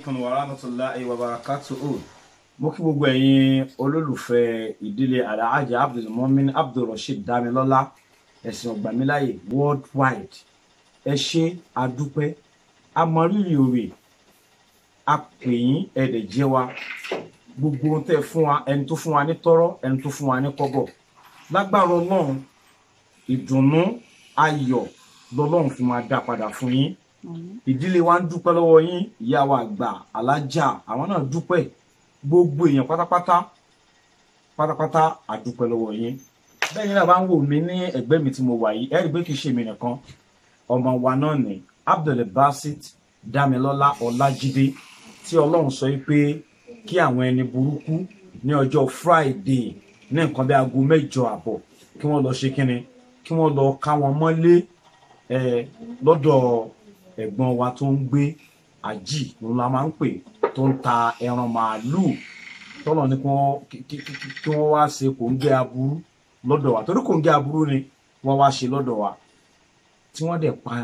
alaikum wa rahmatulahi wa barakatuhu mo kí gbogbo ẹ̀yin olólùfẹ́ ìdílé alhaji abdulmumin abdulrasheed damilọ́lá ẹ̀sìn ọ̀gbàmíláyè worldwide ẹ ṣé adúpẹ́ amọ̀rírì òwe apèyìn ẹ̀dẹ̀ jẹ́ wa gbogbo ohun tẹ́ fún wa ẹni tó fún wa ní tọ́rọ́ ẹni tó fún wa ní kọ́bọ̀ lágbára ọlọ́run ìdùnnú ayọ̀ lọ́lọ́run fún wa dá padà fún yín ìdílé wa ń dúpẹ́ lọ́wọ́ yín ìyá wa àgbà alájà àwọn náà dúpẹ́ gbogbo èèyàn pátápátá pátápátá àdúpẹ́ lọ́wọ́ yín bẹ́ẹ̀ ni bàbá ń wò mí ní ẹ̀gbẹ́ mi tí mo wà yìí ẹ̀rí pé kì í ṣe mi nìkan ọmọ wa náà ni Abdulbasit Damilọ́lá Ọlájídé tí Ọlọ́run sọ pé kí àwọn ẹni burúkú ní ọjọ́ Friday ní nǹkan bí aago mẹ́jọ àbọ̀ kí wọ́n lọ ṣe kínni kí wọ́n lọ ká wọn mọ́lé lọ́dọ̀ ẹ̀gbọ́n wa tó ń gbé àjì ló la máa ń pè tó ń ta ẹran màálùú tọ́nà ni kí wọ́n wá ṣe kò ń gé aburú lọ́dọ̀ wa torí kò ń gé aburú ni wọ́n wá ṣe lọ́dọ̀ wa tí wọ́n dẹ̀ pa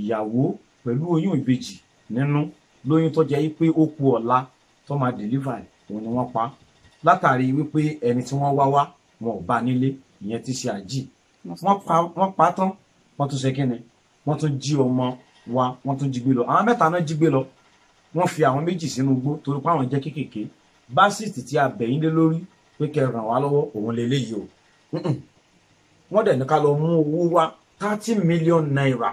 ìyàwó pẹ̀lú oyún ìbejì nínú lóyún tó jẹ́ pé ó ku ọ̀la tó máa deliver òun ni wọ́n pa látàrí wípé ẹni tí wọ́n wá wá wọn ò bá nílé ìyẹn ti ṣe àjì wọ́n pa tán wọ́n tún ṣe kí ni wọ́n tún jí ọmọ wa wọ́n tún jí gbé lọ àwọn mẹ́ta náà jí gbé lọ wọ́n fi àwọn méjì sínú igbó torí pé àwọn jẹ́ kéékèèké básìtì tí a bẹ̀ yín lé lórí pé kẹ́ ràn wá lọ́wọ́ òun lè léyìí o wọ́n dẹ̀ ní ká lọ mú owó wá thirty million naira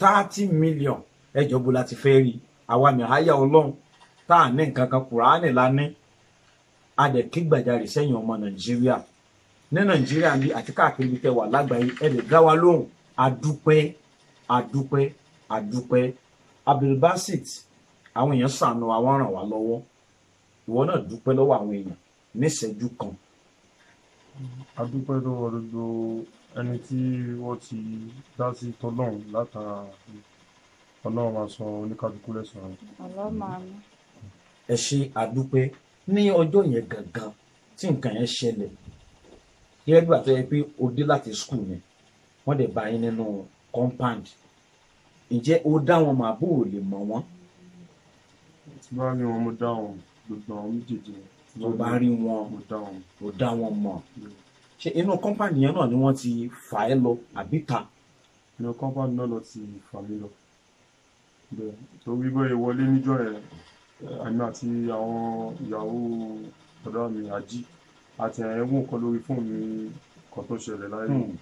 thirty million ẹjọ́ bó la ti fẹ́ rí àwa mi àyà ọlọ́run tá à ní nǹkan kan kùránì la ní a dẹ̀ kí gbàjarè sẹ́yìn ọmọ nàìjíríà ní nàìjíríà ní àti káàkiri tẹ lágbàáyé ẹ lè dá wa lóhùn a dúpẹ́ a dúpẹ́ àdúpẹ́ abdulbasit àwọn èèyàn ṣàánú àwọn ràn wá lọ́wọ́ ìwọ náà dúpẹ́ lọ́wọ́ àwọn èèyàn níṣẹ́jú kan. adúpẹ́ lọ́wọ́ gbogbo ẹni tí wọ́n ti dá sí tọ́lọ́run látara ọlọ́run máa sọ oníkálukú lẹ́sàn-án. ọlọ́run máa ní. ẹ ṣe àdúpẹ́ ní ọjọ́ yẹn gangan tí nǹkan yẹn ṣẹlẹ̀ yẹ́n gbà tó yẹ pé o dé láti skul yẹn wọ́n dẹ̀ bá yín nínú compound ǹjẹ́ ó dá wọn mà bó o lè mọ̀ wọ́n. tí bá rí wọn mo dá wọn gbogbo àwọn méjèèjì. tó bá rí wọn mo dá wọn mọ̀. ṣé inú kọ́mpánì yẹn náà ni wọ́n ti fà ẹ́ lọ àbí ta. inú kọ́mpánì náà lọ ti fà mí lọ. bẹ́ẹ̀ torí bóyá wọlé níjọ́ yẹn àmì eh, àti àwọn ìyàwó ọ̀dọ́ mi àjí àti ẹ̀wọ̀n kan lórí fóònù kan tó ṣẹlẹ̀ láyé hmm.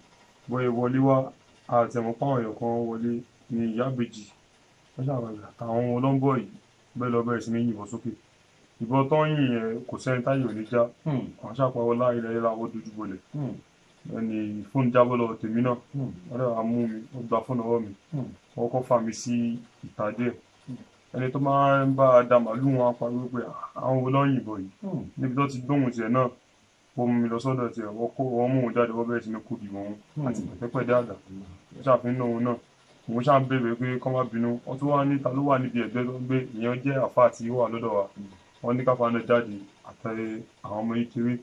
bóyá wọlé wá àtẹ̀wọ̀n páwọn èèyàn kan wọlé ní ìyábèjì wọ́n ṣàwàdà àtàwọn ọlọ́ngbọ̀ yìí bẹ́ẹ̀ lọ bẹ̀rẹ̀ sí yìnbọn sókè ìbọn tó ń yìn yẹn kò sẹ́ni táyé ò ní já hmm. àwọn ṣàpawọ́ láì lẹ́yìn láwọ́ dojú bolẹ̀ hmm. ẹni fóònù jábọ́ lọ tèmi náà hmm. wọ́n dàbà mú mi ó gba fóònù ọwọ́ mi wọ́n kọ́ fà mí sí ìta díẹ̀ ẹni tó máa ń bá a da màálù wọn apariwo pé ah, àwọn wo yìí níbi tó ti gbóhùn tiẹ̀ náà wọ́n mú mi lọ sọ́dọ̀ tiẹ̀ wọ́n mú òun jáde wọ́n bẹ̀rẹ̀ sí ní kúbi wọn àti pẹ̀pẹ́pẹ́ dé ṣàfihàn òun náà mo ṣáà ń béèrè pé kọ́ má bínú wọ́n tún wá ní ta ló wà níbi ẹ̀gbẹ́ tó ń gbé ìyẹn jẹ́ àfa àti wà lọ́dọ̀ wa wọ́n ní káfa náà jáde àtẹ àwọn ọmọ kékeré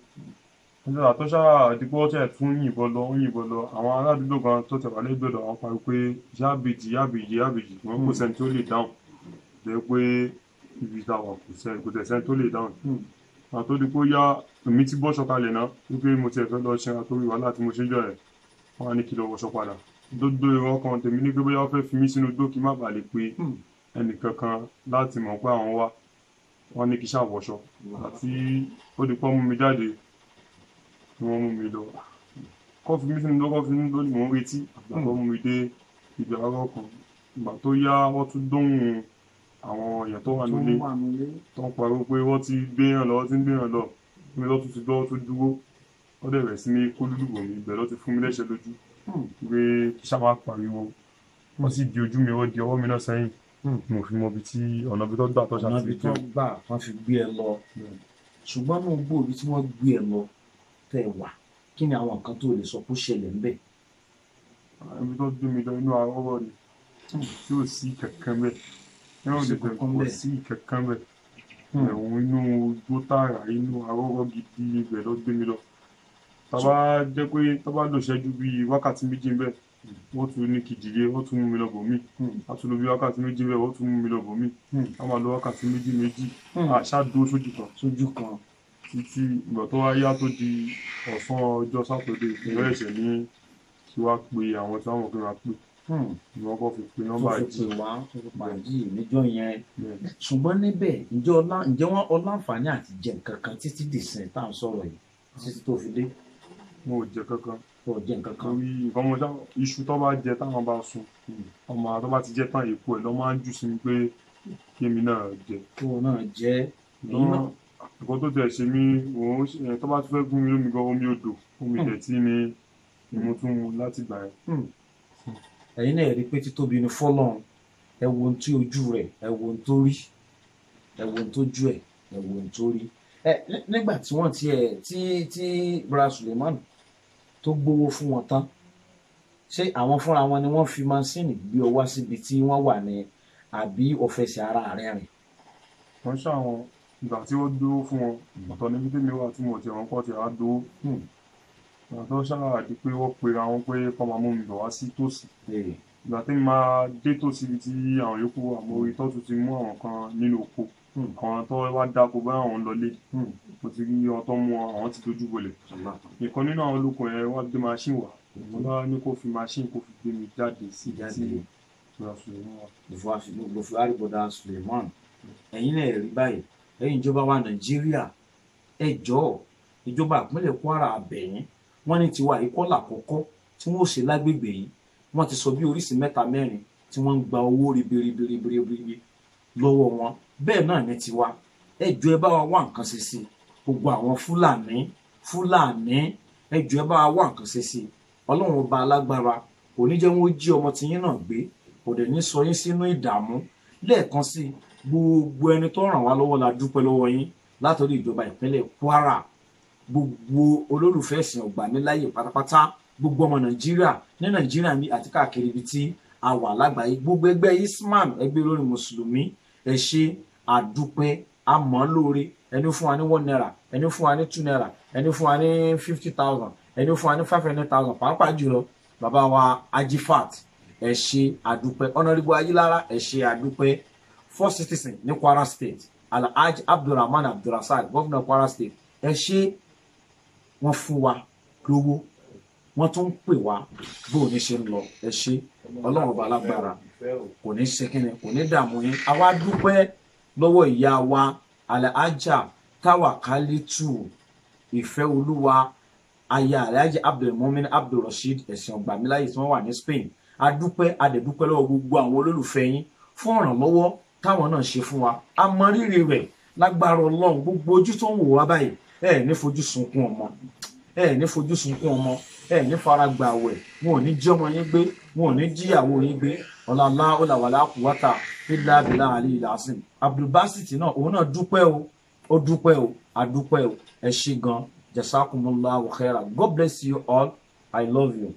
nígbà tó ṣáà àdìgbò tẹ̀ tún yìnbọn lọ ń yìnbọn lọ àwọn aládùúgbò kan tó tẹ̀ wá lẹ́gbẹ̀ẹ́ lọ àwọn parí pé yábèjì yábèjì yábèjì wọn kò sẹ́ni tó lè dáhùn jẹ́ pé ibi tá a wà kò sẹ́ni kò tẹ̀ sẹ́ni tó lè dáhùn àtó di pé ó yá èmi ti bọ́ ṣọkalẹ̀ náà wípé mo tiẹ̀ fẹ́ lọ ṣe àtòrí wàhálà mo ṣe jọ ẹ̀ wọ́n á ní kí lọ wọṣọ padà gbogbo ìwọ̀n kan tèmi ní pé bóyá wọ́n fẹ́ fi mí sínú igbó kí má bàa lè pe hmm. ẹnìkankan láti mọ̀ pé àwọn wá wọ́n ní kí ṣàwọ̀ṣọ àti ó di pọ́ mú mi jáde ni wọ́n mú mi lọ kọ́ fi mí sínú igbó kọ́ fi mí lónìí mò ń retí àgbà tó hmm. mú mi dé ibi àárọ̀ kan ìgbà tó yá wọ́n tún dóhùn àwọn èèyàn tó wà nílé tó ń pariwo pé wọ́n ti gbéyàn lọ wọ́n ti ń gbéyàn lọ mi lọ́tún ti gbọ́ tó dúró wọ́n dẹ̀ bẹ̀rẹ̀ sí ní kó lúlùbọ̀ mi ìbẹ̀ wé hmm. sábà pariwo wọ́n sì di ojú mi wọ́n di ọwọ́ mi náà sẹ́yìn hmm. mo fi mọ ibi tí ọ̀nà ibi tó gbà tó ṣàtìlẹ́yìn. ọ̀nà ibi tó gbà wọ́n fi gbé ẹ lọ hmm. ṣùgbọ́n náà gbọ́ ibi tí wọ́n gbé ẹ lọ tẹ̀ wá kí ni àwọn nǹkan tó lè sọ kó ṣẹlẹ̀ ń bẹ̀. Ah, ibi tó gbé mi lọ inú àwọ̀rọ̀ ni tí ò sí kankan bẹ́ẹ̀ yóò lè bẹ̀rẹ̀ kó sí kankan bẹ́ẹ̀ ẹ̀wọ̀n inú gbótàrà inú àwọ̀rọ̀ gidi ibẹ̀ ló gbé mi lọ tàbá jẹ́ pé tàbá lò ṣẹ́jú bíi wákàtí méjì ń bẹ̀ wọ́n tún ní kìdìlé wọ́n tún mú mi lọ bòmí àtúnlò bíi wákàtí méjì ń bẹ̀ wọ́n tún mú mi lọ bòmí a máa lọ wákàtí méjì méjì àṣà sójú kan sójú kan títí ìgbà tó wá yá tó di ọ̀sán ọjọ́ sátọ̀dé ìpínlẹ̀ ẹ̀sẹ̀ ní kí wá pe àwọn tí wọ́n kí wọ́n pè wọ́n kọ́ fi pe nọ́mbà yìí. níjọ́ yẹn ṣùgbọ́n níbẹ̀ ǹjẹ́ wọ́n ọláǹfààní àti jẹ títí dìsìn tá à ń sọ̀rọ̀ yìí títí tó fi dé mo jẹ kankan mo jẹ kankan rí nǹkan mo já iṣu tó bá jẹ táwọn bá sun ọmọ àwọn tó bá ti jẹ tán èkó ẹ lọ máa ń jù sí mi pé kémi náà jẹ. kó náà jẹ èyí náà. tó tẹ̀ ṣe mí òun tó bá tún fẹ́ gún mi lómi gan omi odò omi ìdẹ̀tí hmm. ni mo mu láti gbà yẹn. Hmm. ẹ̀yin náà rí pé títóbi ni fọ́lọ́run ẹ wo ohun tí ojú rẹ̀ ẹ wo ohun tó rí ẹ wo ohun tó ju ẹ ẹ wo ohun tó rí nígbà tí wọ́n ti ẹ̀ tí tí Bra Suleiman tó gbowó fún wọn tán ṣé àwọn fúnra wọn ni wọ́n fi mansíìnì gbé ọ wá síbi tí wọ́n wà ní àbí ọ̀fẹ́sẹ̀ ara rẹ̀ rìn. wọ́n ṣe àwọn ìgbà tí wọ́n dúró fún wọn ọ̀tọ̀ níbi tí mi wà tí mo ti wọn pọ̀ tí a dúró ìgbà tó ṣáà di pé wọ́n pera wọn pé kọ́ máa mú mi bọ̀ wá sí tòsí ìgbà tí mo máa dé tòsí ibi tí àwọn yòókù wà tọ́tù ti mú àwọn kan nínú oko nǹkan hmm. tó wá dáko bá àwọn lọlé hmm. mo ti rí ọtọ mú àwọn ti dojú bolẹ̀ nǹkan nínú àwọn olóko yẹn wọ́n gbé machine wá wọ́n hmm. bá ní kó fi machine kó fi gbé mi jáde sí ìdí ló fi wárí bọ̀dá Suleiman ẹ̀yin náà rí báyìí ẹ̀yin ìjọba wa Nàìjíríà ẹ jọ̀ọ́ ìjọba ìpínlẹ̀ Kwara abẹ̀yìn wọ́n ní tiwa ìkọ́là kọ́kọ́ tí wọ́n ò ṣe lágbègbè yìí wọ́n ti sọ bí oríṣìí mẹ́ta mẹ́rin tí wọ́n ń gba owó ribiribiribiribi lọ́wọ́ wọn bẹ́ẹ̀ náà ní tiwa ẹjọ́ ẹ bá wa wá nǹkan ṣe sí gbogbo àwọn fúlàní fúlàní ẹjọ́ ẹ bá wa wá nǹkan ṣe sí ọlọ́run ọba alágbára kò ní jẹ́ wọ́n jí ọmọ tiyín náà gbé kò dẹ̀ ní sọ yín sínú ìdààmú lẹ́ẹ̀kan sí gbogbo ẹni tó ràn wá lọ́wọ́ la dúpẹ́ lọ́wọ́ yín látọ̀rí ìjọba ìpínlẹ̀ Kwara gbogbo olólùfẹ́ ẹ̀sìn ọ̀gbà níláyè pátápátá gbogbo ọmọ Nàìjíríà ní Nàìjíríà mi àti káàkiri ibi tí a wà lágbàáyé gbogbo ẹgbẹ́ Isman ẹgbẹ́ olórin mùsùlùmí ẹ ṣe àdúpẹ́ àmọ́ lóore ẹni fún wa ní one naira ẹni fún wa ní two naira ẹni fún wa ní fifty thousand ẹni fún wa ní five hundred thousand pàápàá jùlọ bàbá wa ajifat ẹ ṣe àdúpẹ́ ọ̀nàdìbò ayélujára ẹ ṣe àdúpẹ́ first citizen ní kwara state alhaji abdulrahman abdulrasaq gómìnà kwara state ẹ ṣe wọ́n fún wa lówó wọ́n tún ń pè wá bó o ní ṣe ń lọ ẹ ṣe ọlọ́run ọba alágbára kò ní ṣe kíni kò ní dààmú yín àwa dúpẹ́ lọ́wọ́ ìyá wa alhaja tawakalitu ìfẹ́ olúwa aya alhaji abdulmumin abdulrasheed ẹ̀sìn ọgbàmíláyè tí wọ́n wà ní spain adúpẹ́ adẹ̀dúpẹ́ lọ́wọ́ gbogbo àwọn olólùfẹ́ yín fún ọ̀rànlọ́wọ́ táwọn náà ṣe fún wa a mọ rírì rẹ̀ lágbára ọlọ́run gbogbo ojú tó ń wò wá báyìí ẹ̀ ní fojú sunkún ọmọ ẹ ní fojú sunkún ọmọ ẹ ní fara gba àwẹ̀ wọn ò ní jí ọmọ yín gbé wọn ò ní jíyàwó yín gbé ọ̀làlá ọ̀làwàlá kùwátà bílá bílá àlè ìlàsìn abdulbasit náà òun náà dúpẹ́ o ó dúpẹ́ o àdúpẹ́ o ẹ ṣé gan jazakumullahu khaira god bless you all i love you.